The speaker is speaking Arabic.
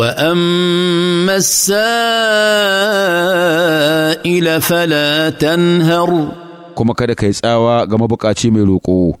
واما السائل فلا تنهر كما كذا كيس اوا غما بقاشي